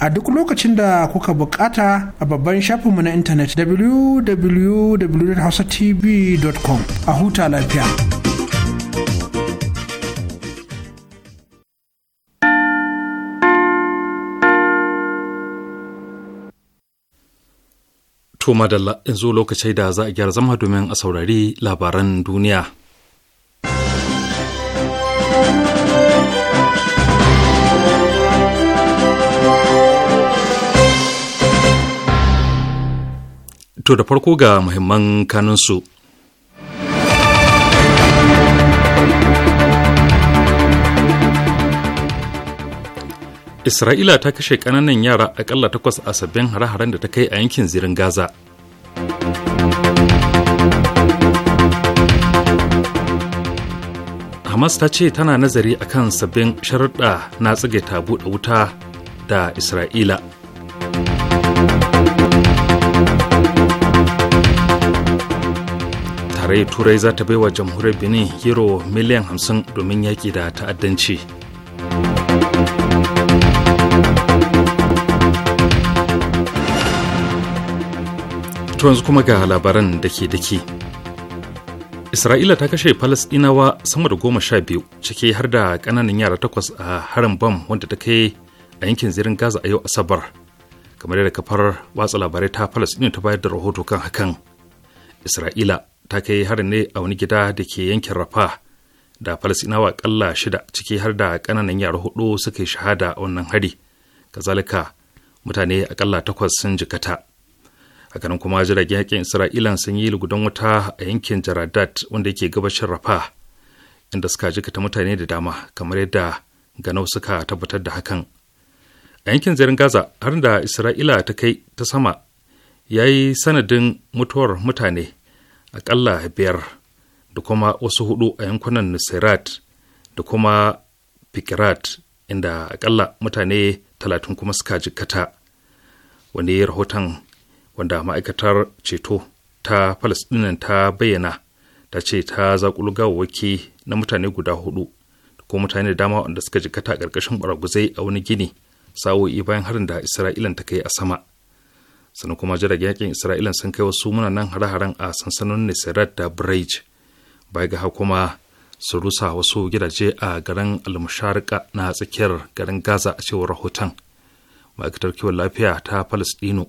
a duk lokacin da kuka bukata a babban shafinmu na intanet www.hausatv.com a huta lafiya. To madalla yanzu lokacin da za a gyara zama domin a saurari labaran duniya. To da farko ga muhimman kanunsu. Isra'ila ta kashe ƙananan yara akalla takwas a sabbin hare-haren da ta kai a yankin zirin Gaza. Hamas ta ce tana nazari akan sabbin sharaɗa na tabu da wuta da Isra'ila. tarayyar turai za ta baiwa jamhuriyar benin euro miliyan hamsin domin yaƙi da ta'addanci yanzu kuma ga labaran da ke dake isra'ila ta kashe falasdinawa sama da goma sha biyu ciki har da ƙananan yara takwas a harin bam wanda ta kai a yankin zirin gaza a yau asabar kamar yadda kafar watsa labarai ta palestine ta bayar da rahoto kan hakan isra'ila ta kai harin ne a wani gida da ke yankin rafa da falasinawa kalla shida ciki har da kananan yara hudu suka yi shahada a wannan hari kazalika mutane akalla takwas sun jikata hakanan kuma jiragen yakin isra'ilan sun yi lugudan wuta a yankin jaradat wanda yake gabashin rafa inda suka jikata mutane da dama kamar yadda ganau suka tabbatar da hakan a yankin zirin gaza har da isra'ila ta kai ta sama ya yi sanadin mutuwar mutane aƙalla biyar da kuma wasu hudu a yankunan nusirat da kuma fikirat inda aƙalla mutane talatin kuma suka jikkata wani rahoton wanda ma'aikatar ceto ta falasɗinan ta bayyana ta ce ta zaƙulu wake na mutane guda hudu da kuma mutane da dama wanda suka jikata a ƙarƙashin ɓaraguzai a wani gini sa'o'i bayan harin da isra'ilan ta kai a sama sannan kuma jiragen yakin isra'ila sun kai wasu munanan hare-haren a sansanin nisirat da bridge bai ga kuma su rusa wasu gidaje a garin almusharika na tsakiyar garin gaza a cewar rahoton ma'aikatar kiwon lafiya ta palestino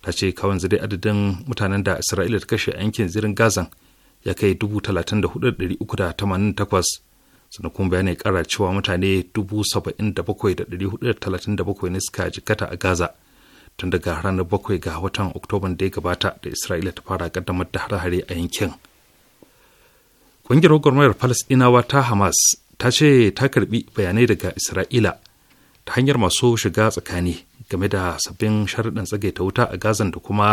ta ce kawai zai adadin mutanen da isra'ila ta kashe yankin zirin gazan ya kai 34,388 sannan kuma bayanai kara cewa mutane 77,437 ne suka jikata a gaza tun daga ranar bakwai ga watan oktoban da ya gabata da isra'ila ta fara kaddamar da hare-hare a yankin ƙungiyar gwamnatin falasɗinawa ta hamas ta ce ta karbi bayanai daga isra'ila ta hanyar masu shiga tsakani game da sabbin sharaɗin tsagaita wuta a gazan da kuma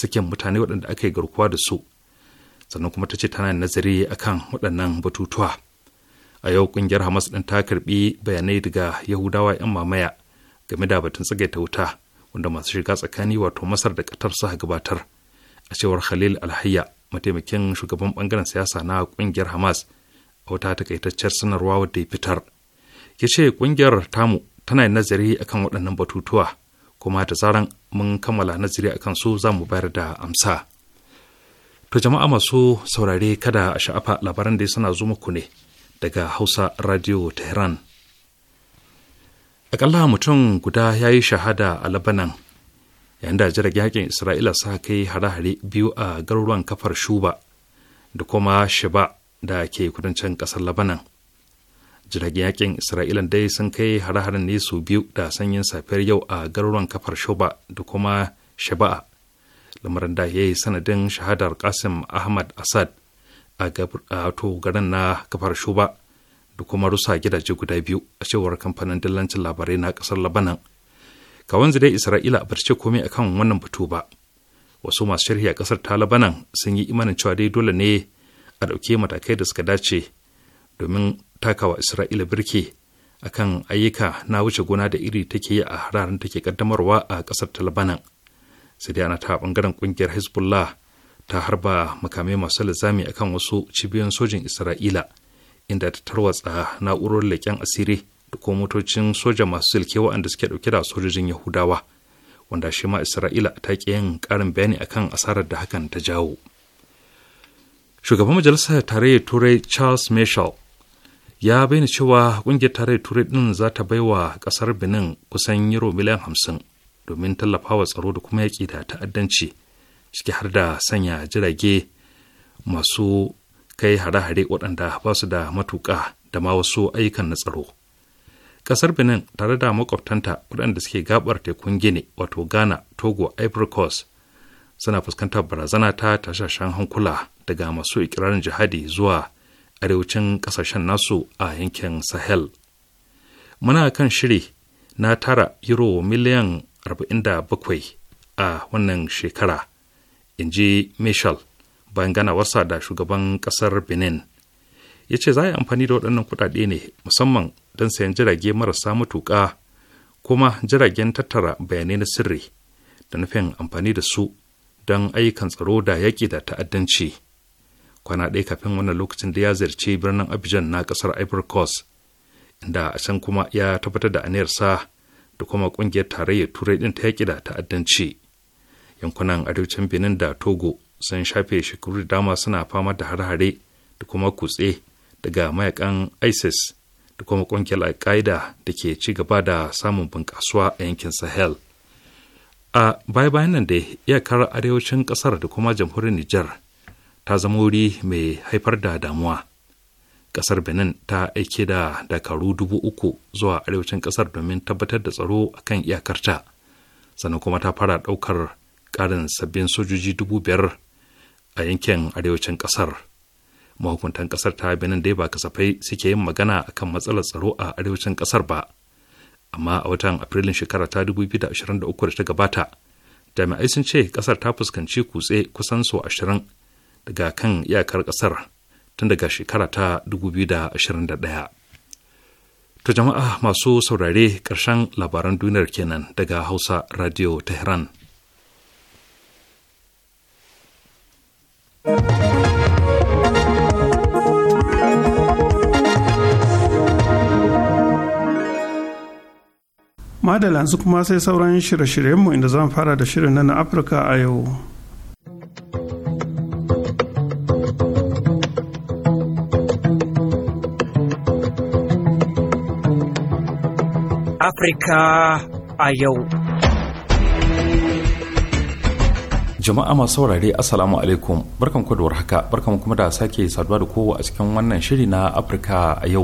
sakin mutane waɗanda aka yi garkuwa da su sannan kuma ta ce tana nazari akan waɗannan batutuwa a yau ƙungiyar hamas ɗin ta karbi bayanai daga yahudawa 'yan mamaya game da batun tsagaita wuta wanda masu shiga tsakani wato masar da katar suka gabatar a cewar khalil alhayya mataimakin shugaban bangaren siyasa na kungiyar hamas a wata takaitaccen sanarwa wadda ya fitar ya ce kungiyar tamu tana nazari akan waɗannan batutuwa kuma da zaran mun kammala nazari akan su za mu bayar da amsa to jama'a masu saurare kada a sha'afa labaran da ya sana zo muku ne daga hausa radio tehran akalla mutum guda ya yi shahada a labanan yayin da jiragen yakin isra'ila sa kai hare-hare biyu a garuruwan kafar shuba da kuma shiba da ke kudancin ƙasar labanan jiragen yakin isra'ilan dai sun kai hare-haren ne su biyu da sanyin safiyar yau a garuruwan kafar shuba da kuma shiba lamarin da ya yi sanadin shahadar kasim ahmad asad a garin na kafar shuba da kuma rusa gidaje guda biyu a cewar kamfanin dillancin labarai na kasar labanan kawanzu dai isra'ila a barce komai akan wannan batu ba wasu masu sharhi a kasar ta labanan sun yi imanin cewa dai dole ne a ɗauke matakai da suka dace domin takawa isra'ila birke akan ayyuka na wuce gona da iri take yi a hararin take kaddamarwa a kasar ta labanan sai dai ana ta bangaren kungiyar hezbollah ta harba makamai masu lizami akan wasu cibiyoyin sojin isra'ila inda ta tarwatsa na'urar leƙen asiri da kuma motocin soja masu silke waɗanda suke ɗauke da sojojin yahudawa wanda shi ma isra'ila ta ƙi yin ƙarin bayani akan asarar da hakan ta jawo shugaban majalisar tarayyar turai charles michel ya bayyana cewa ƙungiyar tarayyar turai ɗin za ta bai wa ƙasar benin kusan euro miliyan hamsin domin tallafa wa tsaro da kuma yaƙi da ta'addanci ciki har da sanya jirage masu kai hare-hare waɗanda ba su da matuƙa da ma wasu ayyukan na tsaro. Ƙasar Benin tare da makwabtanta waɗanda suke gabar tekun Gini wato Ghana, Togo, Ivory Coast suna fuskantar barazana ta tashashen hankula daga masu ikirarin jihadi zuwa arewacin ƙasashen nasu a yankin Sahel. Muna kan shiri na tara euro miliyan 47 a wannan shekara, in ji Michel bayan ganawarsa da shugaban kasar benin ya ce za a yi amfani da waɗannan kuɗaɗe ne musamman don sayan jirage marasa matuƙa kuma jiragen tattara bayanai na sirri da nufin amfani da su don ayyukan tsaro da yaƙi da ta'addanci kwana ɗaya kafin wannan lokacin da ya ziyarci birnin abidjan na ƙasar ivory coast inda a can kuma ya tabbatar da aniyarsa da kuma ƙungiyar tarayyar turai ɗin ta yaƙi da ta'addanci yankunan arewacin benin da togo sun shafe shekaru da dama suna fama da hare-hare da kuma kutse daga mayakan isis da kuma ƙungiyar al da ke ci gaba da samun bunƙasuwa a yankin sahel a baya-bayan nan da iyakar arewacin kasar da kuma jamhuriyar niger ta zama wuri mai haifar da damuwa kasar benin ta aike da dakaru dubu uku zuwa arewacin kasar domin tabbatar da tsaro a kan iyakarta sannan kuma ta fara ɗaukar ƙarin sabbin sojoji dubu biyar a yankin arewacin kasar mahukuntan kasar ta benin dai ba kasafai suke yin magana akan matsalar tsaro a arewacin kasar ba amma a watan afrilun shekara ta 2023 da ta gabata jami'ai sun ce kasar ta fuskanci kutse kusan so 20 daga kan iyakar kasar tun daga shekara ta 2021 To jama'a masu saurare ƙarshen labaran duniyar kenan daga Hausa Radio Tehran. Madala su kuma sai sauran shirye-shiryenmu inda zan fara da shirin na Afirka a yau. Afirka a yau. jama'a masu saurare assalamu alaikum barkan ku da warhaka barkan kuma da sake saduwa da kowa a cikin wannan shiri na afirka a yau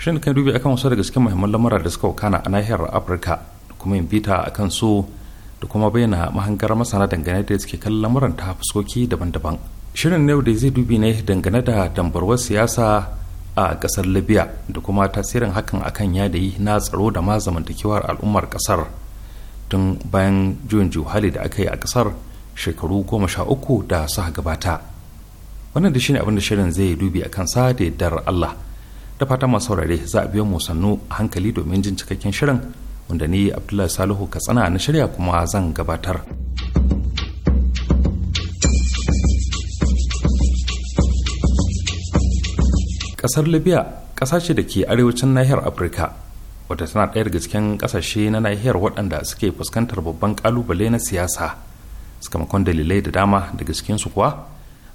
shirin kan dubi akan wasu daga cikin muhimman lamura da suka wakana a nahiyar afirka da kuma yin bita a kan su da kuma bayyana mahangar masana dangane da suke kallon lamuran ta fuskoki daban-daban shirin na yau da zai dubi ne dangane da dambarwar siyasa a kasar libya da kuma tasirin hakan akan yadayi na tsaro da ma zamantakewar al'ummar kasar tun bayan juyin juhali da aka yi a kasar shekaru goma sha uku da suka gabata wannan da shine abinda shirin zai dubi a kansa da yardar Allah da fata masu saurare za a biyo mu sannu a hankali domin jin cikakken shirin wanda ni Abdullahi Salihu Katsina na shirya kuma zan gabatar. Kasar Libya ƙasa ce da ke arewacin nahiyar Afirka wata tana ɗaya daga cikin ƙasashe na nahiyar waɗanda suke fuskantar babban ƙalubale na siyasa sakamakon dalilai da dama daga su kuwa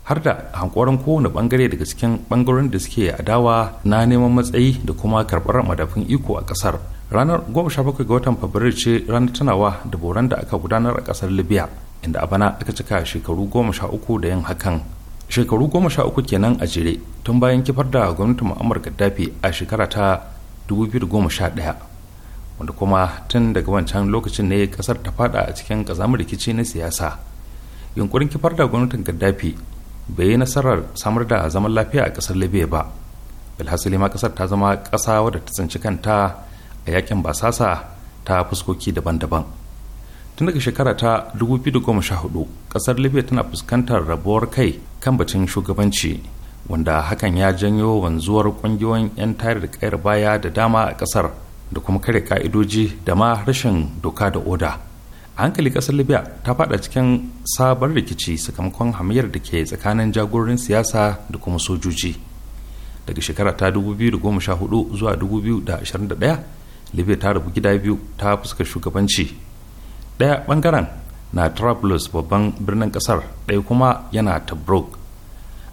har da hankoron kowane bangare daga cikin bangaren da suke adawa na neman matsayi da kuma karɓar madafin iko a ƙasar ranar 17 ga watan fabrairu ce ranar tunawa da boran da aka gudanar a ƙasar libya inda a bana aka cika shekaru 13 da yin hakan shekaru 13 kenan a jere tun bayan kifar da gwamnatin mu'ammar gaddafi a shekara ta 2011 wanda kuma tun daga wancan lokacin ne kasar ta fada a cikin kazamar rikici na siyasa yunkurin kifar da gwamnatin gaddafi bai yi nasarar samar da zaman lafiya a kasar libya ba bilhassali ma kasar ta zama kasa wadda ta tsinci kanta a yakin basasa ta fuskoki daban-daban tun daga shekara ta 2014 kasar libya tana fuskantar rabuwar kai kan batun shugabanci wanda hakan ya janyo wanzuwar kungiyoyin 'yan tare da kayar baya da dama a kasar da kuma kare ka'idoji da ma rashin doka da oda a hankali kasar libya ta fada cikin sabon rikici sakamakon hamayar da ke tsakanin jagororin siyasa da kuma sojoji daga shekara ta 2014 zuwa 2021 libya ta rabu gida biyu ta fuskar shugabanci daya bangaren na trablus babban birnin kasar daya kuma yana tabrok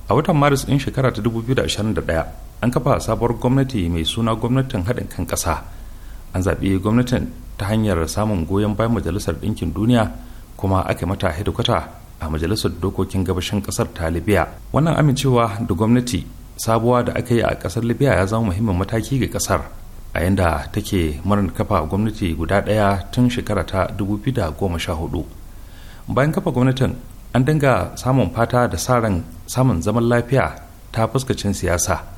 a watan maris din shekara ta 2021 an kafa sabuwar gwamnati mai suna gwamnatin haɗin kan ƙasa an zaɓi gwamnatin ta hanyar samun goyon bayan majalisar ɗinkin duniya kuma aka mata hedikwata a majalisar dokokin gabashin ƙasar ta libya wannan amincewa da gwamnati sabuwa da aka yi a ƙasar libya ya zama muhimmin mataki ga ƙasar a yanda take marin kafa gwamnati guda ɗaya tun shekara ta goma sha hudu bayan kafa gwamnatin an dinga samun fata da sa ran samun zaman lafiya ta fuskacin siyasa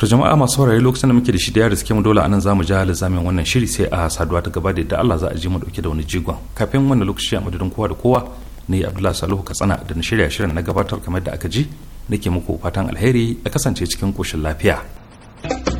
to jama'a masu saurayi lokacin da muke da shi da yara suke mu dole anan zamu ji halin zamin wannan shiri sai a saduwa ta gaba da yadda Allah za a ji mu dauke da wani jigon kafin wannan lokaci a madadin kowa da kowa ne Abdullahi Salihu Katsina da na shirya shirin na gabatar kamar da aka ji nake muku fatan alheri a kasance cikin koshin lafiya. thank you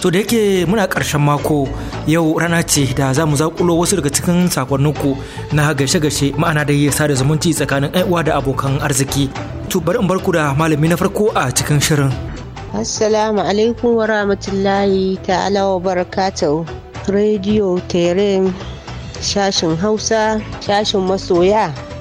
To da yake muna ƙarshen mako yau rana ce da za mu zaƙulo wasu daga cikin sakonninku na gashe gaishe ma'ana da yi sada zumunci tsakanin uwa da abokan arziki. To bari in ku da malami na farko a cikin shirin. Assalamu alaikum wa rahmatullahi ta'ala wa barakatuhu. Radio Terem shashin Hausa, shashin masoya.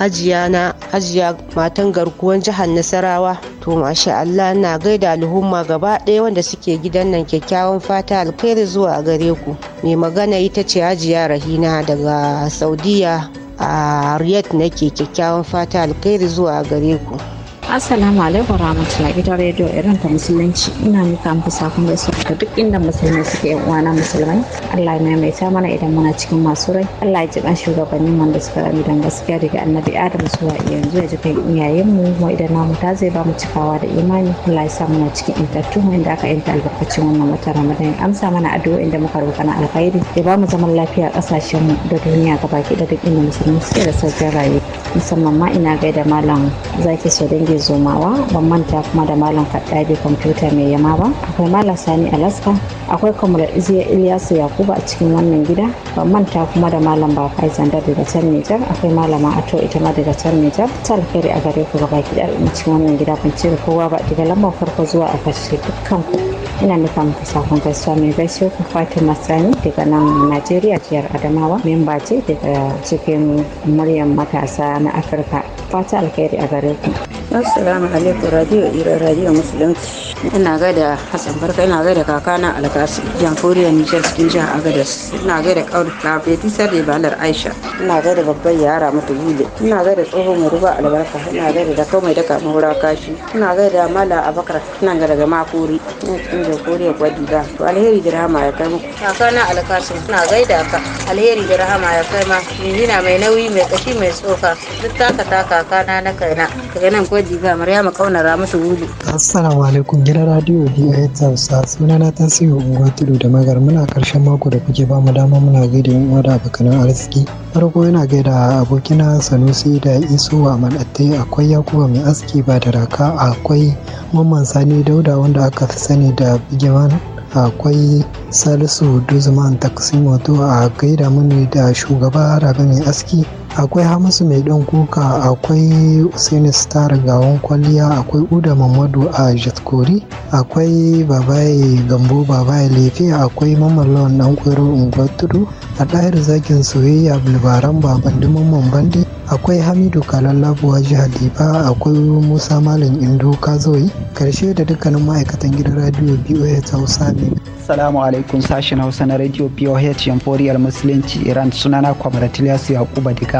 hajiya na hajiya matan garkuwan jihar nasarawa to masha allah na gaida al'umma gaba ɗaya wanda suke gidan nan kyakkyawan fata alkhairi zuwa gare ku mai magana ita ce hajiya rahina daga saudiya a riyadh nake kyakkyawan fata alkhairi zuwa gare ku Assalamu alaikum warahmatullahi ita rediyo irin ta musulunci ina nuka muku sakon gaisuwa ga duk inda musulmai suke yan uwana musulmai Allah ya maimaita mana idan muna cikin masu rai Allah ya ji kan shugabannin wanda suka rami dan gaskiya daga annabi Adam zuwa yanzu ya ji kan iyayenmu mu idan namu ta zai ba mu cikawa da imani Allah ya sa muna cikin intattu inda aka yanta albarkacin wannan wata Ramadan amsa mana addu'o'in inda muka roƙa na alkhairi ya ba mu zaman lafiya kasashen mu da duniya gabaki da duk inda musulmai suke da sauƙin rayuwa musamman ma ina gaida malam zaki so dangi zomawa ban manta kuma da malam kaddabi kwamfuta mai yama ba akwai malam sani alaska akwai kamar iziya ilyasu yakuba a cikin wannan gida ban manta kuma da malam ba kai zanda daga can nijar akwai malama ato ita ma daga can nijar ta alheri a gare ku gaba ki dar cikin wannan gida ban cire kowa ba daga lambar farko zuwa a karshe dukkan ku ina nufa muku sakon gaisuwa mai gaisuwa ku fatima sani daga nan najeriya jiyar adamawa memba ce daga cikin muryar matasa na afirka fata alheri a gare ku assalamu alaikum radio ira radio musulunci ina gaida hassan barka ina gaida kakana alkasi jamhuriyar nijar cikin jihar agadas ina gaida kawar kafeti sarri balar aisha ina gaida babban yara mata gule ina gaida tsohon mai ruba albarka ina gaida da kawai da kamar wura kashi ina gaida mala abakar ina gaida ga makuri ina cikin jamhuriyar gwadiga to alheri da rahama ya kai muku kakana alkasi ina gaida ka alheri da rahama ya kai ma mijina mai nauyi mai kashi mai tsoka duk taka ta kakana na kaina daga nan ko gwaji ga Maryama Kaunara musu wuli. Assalamu alaikum gidan radio BIT Hausa suna na sayo unguwa tudu da magar muna karshen mako da kuke ba mu dama muna gaida yan uwa da abokanan arziki. Farko yana gaida abokina Sanusi da Isu wa Malatte akwai Yakuba mai aski ba da raka akwai Mamman Sani Dauda wanda aka fi sani da Bigeman akwai Salisu Duzman Taksimoto a gaida mini da shugaba Rabe mai aski akwai hamisu mai ɗan kuka akwai usaini star gawon kwalliya akwai uda mamadu a jatkori akwai babaye gambo babaye lefe akwai mamallon ɗan kwero ungwaturu a ɗahir zakin soyayya bulbaran baban mamman bandi akwai hamidu kalallabuwa jihar diba akwai musa malam indo kazoyi karshe da dukkanin ma'aikatan gidan radio boh ta hausa ne Assalamu alaikum sashen Hausa na Radio BOH Yamforiyar Musulunci Iran sunana Kwamratiliyasu Yakuba Diga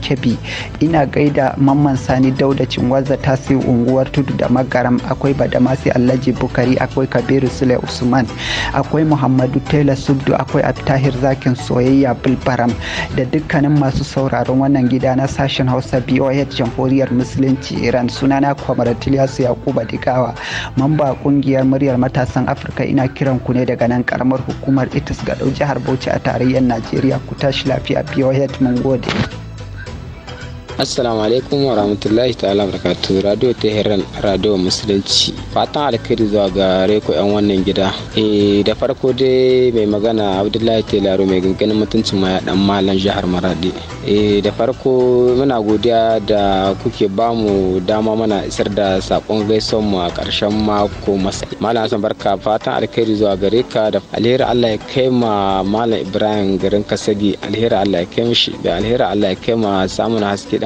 kebbi ina gaida mamman sani dauda cinwaza tasi unguwar tudu da magaram akwai badamasi alhaji bukari akwai kabiru sule usman akwai muhammadu taylor subdu akwai abtahir zakin soyayya bilbaram da dukkanin masu sauraron wannan gida na sashen hausa boh jamhuriyar musulunci iran sunana kwamaratiliyasu yakuba digawa mamba kungiyar muryar matasan afirka ina kiran ku ne daga nan karamar hukumar itis ga jihar bauchi a tarayyar najeriya ku tashi lafiya boh mun gode. assalamu alaikum wa rahmatullahi ta'ala barakatu radio tehran radio musulunci fatan alkhairi zuwa ga reko yan wannan gida eh da farko dai mai magana abdullahi telaro mai ganganin mutunci ma dan malam jihar maradi eh da farko muna godiya da kuke bamu dama mana isar da sakon gaison mu a karshen mako masai malam san barka fatan alkhairi zuwa gare ka da alheri Allah ya kai ma malam ibrahim garin kasabi alheri Allah ya kai mishi da alheri Allah ya kai ma samun haske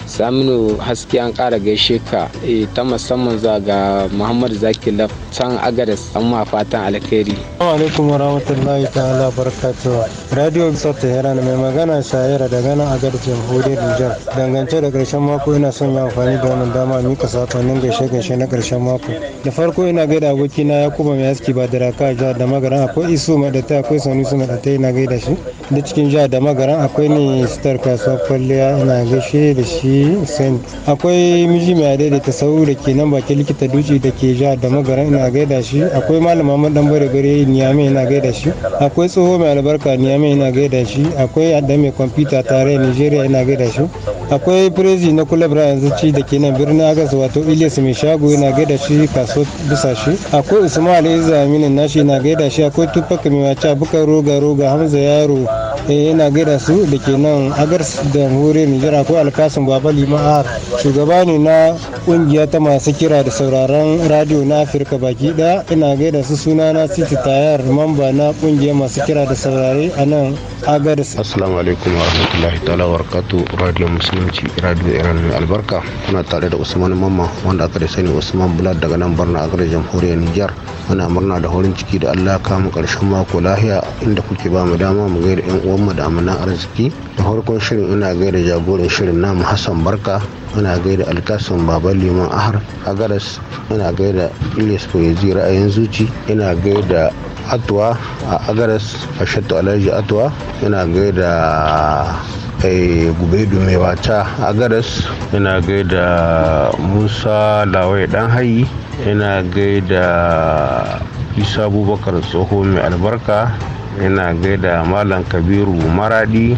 saminu haske an kara gaishe ka eh, ta musamman za ga muhammad zaki laf can agadas an ma fatan alkhairi alaikum wa rahmatullahi ta'ala barakatuh radio bisar tehran mai magana shayara daga nan agadas jamhuriyar nijar dangance da karshen mako ina son yi amfani da wannan dama mika sakonnin gaishe gaishe na karshen mako da farko ina gaida aboki na yakuba mai haske ba diraka jihar da magaran akwai isu mai da ta akwai sanu su da ta ina gaida shi da cikin jihar da magaran akwai ni sitar kasuwar kwalliya ina gaishe da shi Akwai miji mai ta sau da ke nan bakin likita duci da ke ja da magaran ina gaida shi. Akwai malama dan bare bare Niyame ina gaida shi. Akwai tsoho mai albarka Niyame ina gaida shi. Akwai adda mai kwamfuta tare Nigeria ina gaida shi. akwai firezi na kulabra yanzu ci da ke nan birnin agas wato ilis mai shago yana gaida shi kaso bisa shi akwai usman alayi na nashi na gaida shi akwai tufaka mai wace buka roga roga hamza yaro eh, yana gaida su da ke nan agas da hure nijar akwai alkasin baba lima'ar shugaba ne na kungiya ta masu kira da sauraron radio na afirka baki daya ina gaida su suna na city tayar mamba na kungiyar masu kira da saurare a nan agas assalamu alaikum warahmatullahi ta'ala wa radio muslim musulunci radio iran mai albarka kuna tare da usman mamma wanda aka da sani usman bulat daga nan barna a jamhuriyar niger muna murna da horin ciki da allah kama karshen mako lahiya inda kuke ba mu dama mu gaida yan uwanmu da amanan arziki da farkon shirin ina gaida jagoran shirin namu hassan barka muna gaida alkasun baban liman ahar a garas muna gaida ilis poezi ra'ayin zuci ina gaida atuwa a agaras a shattu alaji atuwa ina gaida eh, gube mai wata a garas ina gaida musa lawai dan hayi ina gaida isa abubakar tsoho mai albarka ina gaida malam kabiru maradi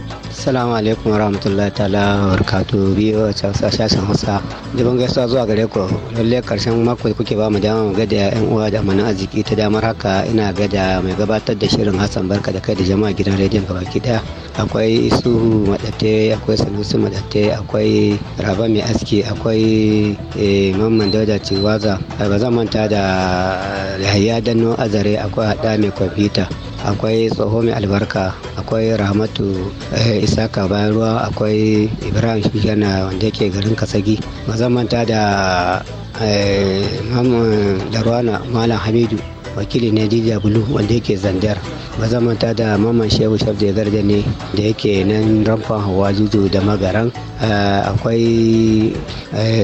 Assalamu alaikum ta ta'ala barkatu biyu a sashen Hausa. Jibin gaisuwa zuwa gare ku lalle karshen mako da kuke ba mu dama mu gada yan uwa da amanan arziki ta damar haka ina gada mai gabatar da shirin Hassan Barka da kai da jama'a gidan rediyon gabaki daya. Akwai Isuhu Madatte, akwai Sanusi Madatte, akwai Raba Mai Aski, akwai eh, Mamman Dauda Ciwaza. Ba zan manta da Yahaya Danno Azare, akwai haɗa Mai Kwamfuta. akwai tsoho mai albarka akwai rahmatu eh, isaka bayan ruwa akwai ibrahim shugana wanda yake garin kasagi mazamanta da eh, darwana malam hamidu wakili ne dija bulu wanda yake zandar mazamanta da maman shehu shabda ya garda ne da yake nan ramfa hawa juju da magaran eh, akwai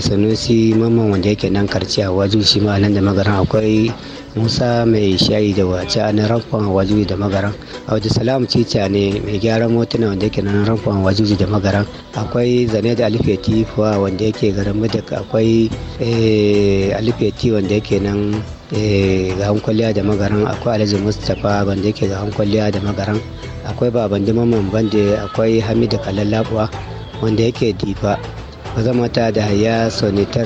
sanusi maman wanda yake nan karciya wajen shi ma nan da magaran akwai musa mai shayi da wace a nan rankon wajuji da magaran audu salamu cica ne mai gyaran motuna wanda yake nan rankon wajuji da magaran akwai zane da alifeti fuwa wanda yake garin madaka akwai eh, alifeti wanda yake nan eh, ga kwalliya da magaran akwai alhaji mustapha wanda yake ga kwalliya da magaran akwai baban dimaman bande akwai hamidu kalallabuwa wanda yake difa mazamata da haya sonitar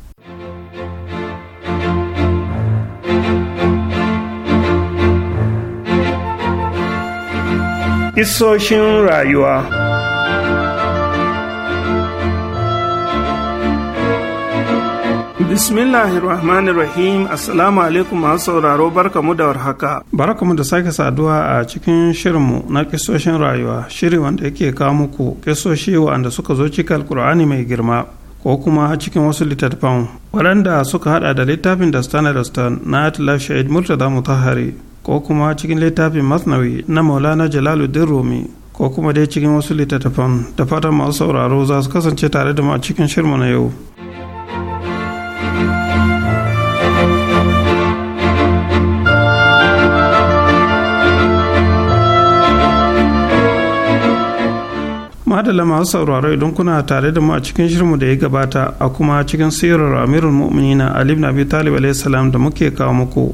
Isoshin rayuwa Bismillahirrahmanirrahim Assalamu alaikum masu sauraro barkamu da warhaka. Barkamu da sake saduwa a cikin shirinmu na kisoshin rayuwa, shiri wanda yake kawo muku kisoshi wa'anda suka zo cikin alkur'ani mai girma ko kuma cikin wasu littattafan waɗanda suka hada da littafin da Stone na Atlas Shahid murtada Mutahari. ko kuma cikin littafin masnawi na maulana jalaluddin rumi ko kuma dai cikin wasu littattafan da fatan masu sauraro za su kasance tare da mu a cikin shirma na yau. madalla masu sauraro idan kuna tare da mu a cikin shirmu da ya gabata a kuma cikin sirar amirul mu'minina ali ibn abi talib alayhi salam da muke kawo muku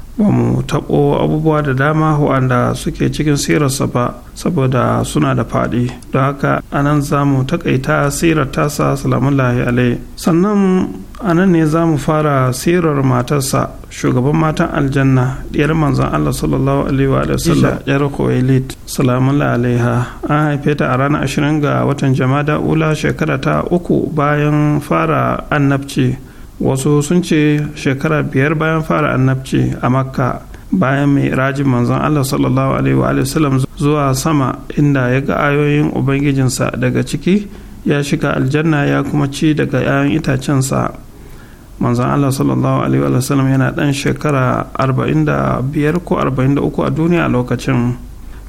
ba mu taɓo abubuwa da dama waɗanda suke cikin sirarsa ba saboda suna da faɗi don haka a nan za mu taƙaita sirar tasa salamullahi alai sannan a nan ne za mu fara sirar matarsa shugaban matan aljanna ɗiyar manzon allah sallallahu alaihi wa sallam yar kuwailit salamullahi alaiha an haife ta a ranar ashirin ga watan jama'a ula shekara ta uku bayan fara annabci wasu sun ce shekara biyar bayan fara annabci a makka bayan mai rajin manzon allah sallallahu alaihi wa sallam zuwa sama inda ya ga ayoyin ubangijinsa daga ciki ya shiga aljanna ya kuma ci daga 'ya'yan itacensa manzon allah sallallahu alaihi wa sallam yana dan shekara 45 ko 43 a duniya a lokacin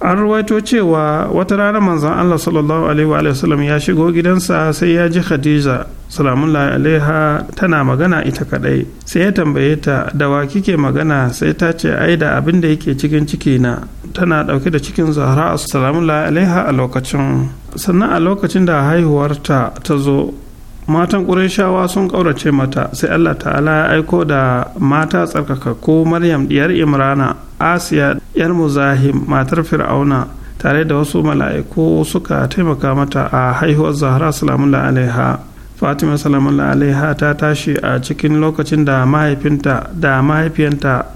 an ruwaito cewa wata rana manzan Allah sallallahu alaihi wa sallam ya shigo gidansa sai ya ji Khadija salamullahi alaiha tana magana ita kadai sai ya tambaye ta da wa kike magana sai ta ce ai da abin da yake cikin ciki na tana dauke da cikin Zahra salamullahi alaiha a lokacin sannan a lokacin da haihuwarta ta zo matan ƙurashawa sun ƙaurace mata sai allah ta'ala ya aiko da mata tsarkaka ko maryam ɗiyar imrana asiya yar muzahim matar fir'auna tare da wasu mala'iku suka taimaka mata a haihuwar zahra salamun alaiha fatima salamun alaiha ta tashi a cikin lokacin da mahaifinta da mahaifiyanta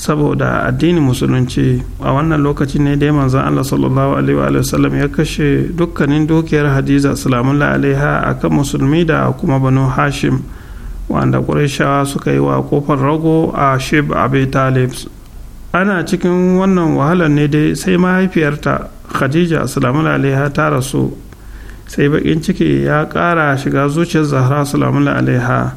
saboda addinin musulunci a wannan lokaci ne dai manzon Allah sallallahu alaihi wa sallam ya kashe dukkanin dukiyar Hadiza salamullah alaiha akan musulmi da kuma Banu Hashim wanda Qurayshawa suka yi wa kofar rago a Shib Abi Talib ana cikin wannan wahalar ne dai sai mahaifiyarta Khadija salamullah alaiha ta rasu sai bakin ciki ya ƙara shiga zuciyar Zahra salamullah alaiha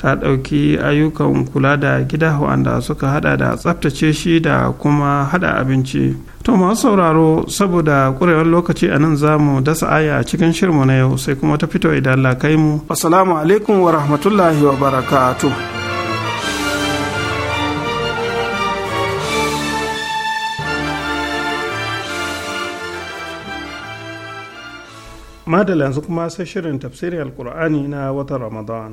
ta ɗauki ayyukan kula da gida wanda suka hada da tsaftace shi da kuma hada abinci. To masu sauraro saboda ƙurewar lokaci a nan za mu dasa aya a cikin shirmu na yau sai kuma ta fito idan Allah kai mu. Assalamu alaikum wa rahmatullahi wa barakatu. Madalla yanzu kuma sai shirin tafsirin Alƙur'ani na watan Ramadan.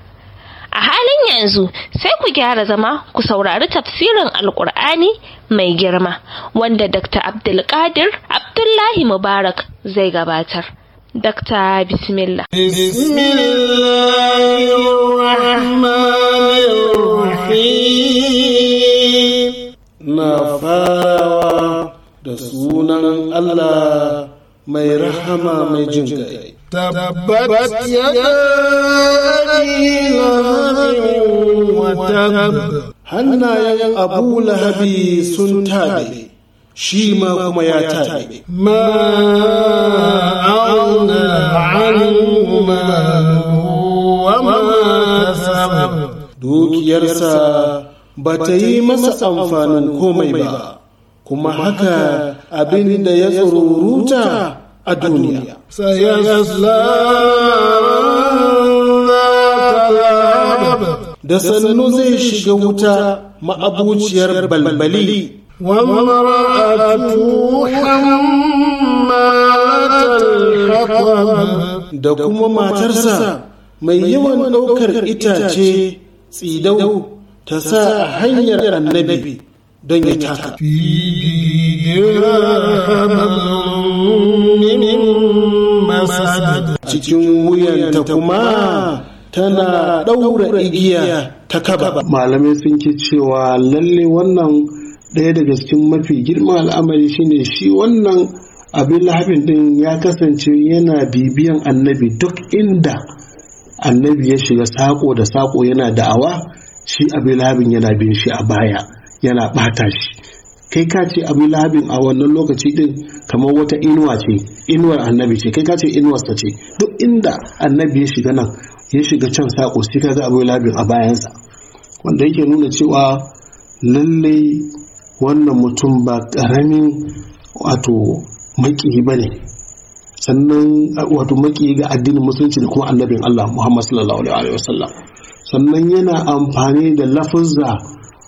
a halin yanzu sai ku gyara zama ku saurari tafsirin alkur'ani mai girma wanda dr abdulkadir abdullahi mubarak zai gabatar dr bismillah na farawa da sunan allah mai rahama mai jin kai. Tabbat ya Hannayen Abu Lahabi sun tabe, shi ma kuma ya tabe. Ma auna al'umma wa ma Dukiyarsa ba ta yi masa amfanin komai ba. kuma haka abin da ya tsururuta a duniya. Da sannu zai shiga wuta ma'abuciyar balbali. Da kuma matarsa mai yawan ɗaukar itace tsidau ta sa hanyar annabi don ya taka. cikin wuyanta kuma tana ɗaura igiya ta kaba. Malamai sun ke cewa lalle wannan ɗaya daga cikin mafi girma al'amari shine shi wannan abin lahabin din ya kasance yana bibiyan annabi duk inda annabi ya shiga sako da sako yana da'awa shi abin lahabin yana bin shi a baya yana ɓata shi. kai ka ce abin lahabin a wannan lokaci din kamar wata inuwa ce inuwar annabi ce kai ka ce ta ce duk inda annabi ya shiga nan ya shiga can sako sai ka ga abin lahabin a bayansa wanda yake nuna cewa lallai wannan mutum ba karamin wato maki ba ne sannan wato maki ga addinin musulunci da kuma annabin Allah Muhammad sallallahu alaihi wasallam sannan yana amfani da lafuzza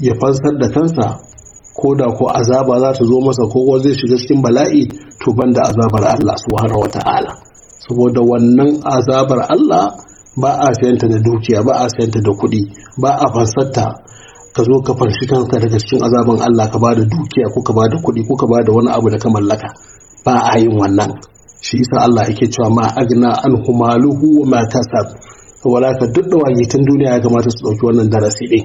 ya fansar da kansa ko da ko azaba za ta zo masa ko zai shiga cikin bala'i to ban da azabar Allah subhanahu wata'ala saboda wannan azabar Allah ba a sayanta da dukiya ba a sayanta da kuɗi ba a fansarta ka zo ka farshi kansa daga cikin azaban Allah ka ba da dukiya ko ka ba da kuɗi ko ka ba da wani abu da ka mallaka ba a yin wannan shi isa Allah yake cewa ma agna an humaluhu wa ma wala ka duk da tun duniya ya kamata su ɗauki wannan darasi din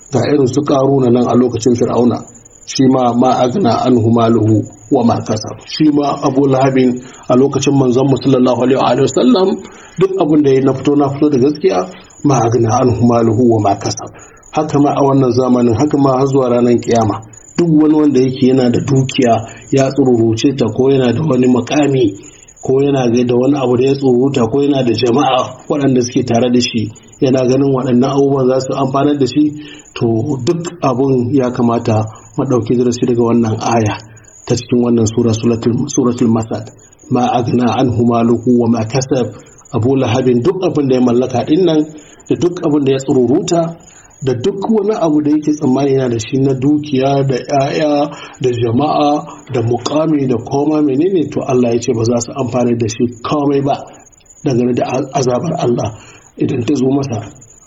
ta irin su na nan a lokacin fir'auna shi ma ma agna an humaluhu wa ma kasab shi ma abu lahabin a lokacin manzon mu sallallahu alaihi wa sallam duk abin da ya na fito na fito da gaskiya ma agna an humaluhu wa ma kasab haka ma a wannan zamanin haka ma har zuwa ranar kiyama duk wani wanda yake yana da dukiya ya tsururuce ta ko yana da wani makami ko yana da wani abu da ya tsuruta ko yana da jama'a waɗanda suke tare da shi yana ganin waɗannan abubuwan za su amfanar da shi to duk abun ya kamata maɗauki darasi daga wannan aya ta cikin wannan sura suratul masad ma agna anhu maluhu wa ma kasab abu lahabin duk abin da ya mallaka din nan da duk abin da ya tsururuta da duk wani abu da yake tsammani yana da shi na dukiya da 'ya'ya da jama'a da mukami da koma menene to Allah ya ce ba za su amfani da shi komai ba dangane da azabar Allah idan ta zo masa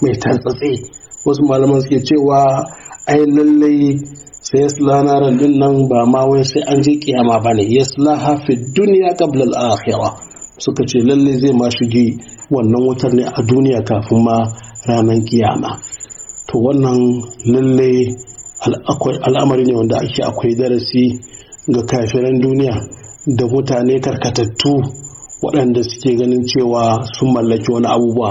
mai tantsatse wasu malaman suke cewa ai lallai sai yasla ran din nan ba ma wai sai an je kiyama ba ne yasla hafi duniya qabla al akhira suka ce lallai zai ma shige wannan wutar ne a duniya kafin ma ranar kiyama to wannan lallai al'amari ne wanda ake akwai darasi ga kafiran duniya da mutane karkatattu waɗanda suke ganin cewa sun mallaki wani abubuwa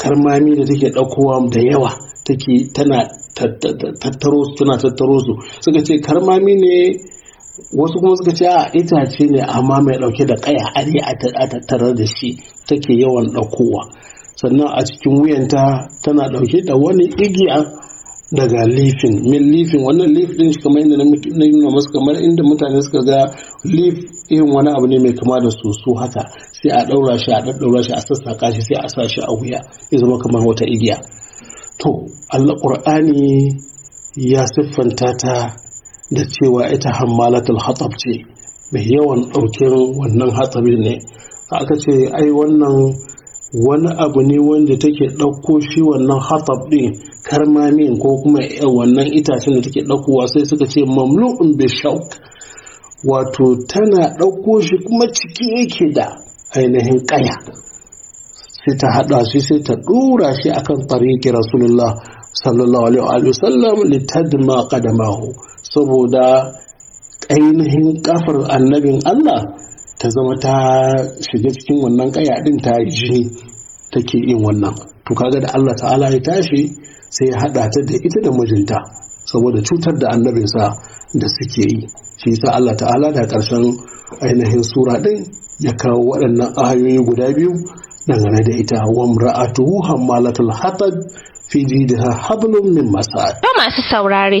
karmami da take ɗaukowa da yawa take tana tattaro su tana suka ce karmami ne wasu kuma suka ce a itace ne amma mai ɗauke da ƙaya are a tattara da shi take yawan ɗaukowa sannan a cikin wuyanta tana ɗauke da wani igiya daga lifin min lifin wannan lif din shi kamar inda na nuna masu kamar inda mutane suka ga lif irin wani abu ne mai kama da soso haka sai a ɗaura shi a ɗaɗɗaura shi a sassa shi sai a sa shi a wuya ya zama kamar wata igiya to Allah Qur'ani ya siffanta ta da cewa ita hammalatul hatsab ce mai yawan ɗaukin wannan hatsabi ne aka ce ai wannan wani abu ne wanda take ɗauko shi wannan hatab ɗin karmamin ko kuma eh, wannan itacen da take ɗaukowa sai suka ce mamlu'un bi shauk wato tana ɗauko shi kuma ciki yake da ainihin ƙaya sai ta haɗa shi sai ta ɗora shi akan tariki rasulullah sallallahu alaihi wa sallam litadma qadamahu saboda ainihin kafar annabin Allah ta zama ta shiga cikin wannan kaya din ta jini take yin wannan to kaga da Allah ta'ala ya tashi sai ya haɗa ta da ita da mijinta saboda cutar da annabinsa da suke yi shi yasa Allah ta'ala da ƙarshen ainihin sura din ya kawo waɗannan ayoyi guda biyu dangane da ita wa mra'atuhu hammalatul hatab fi jidha hablum min masad to masu saurare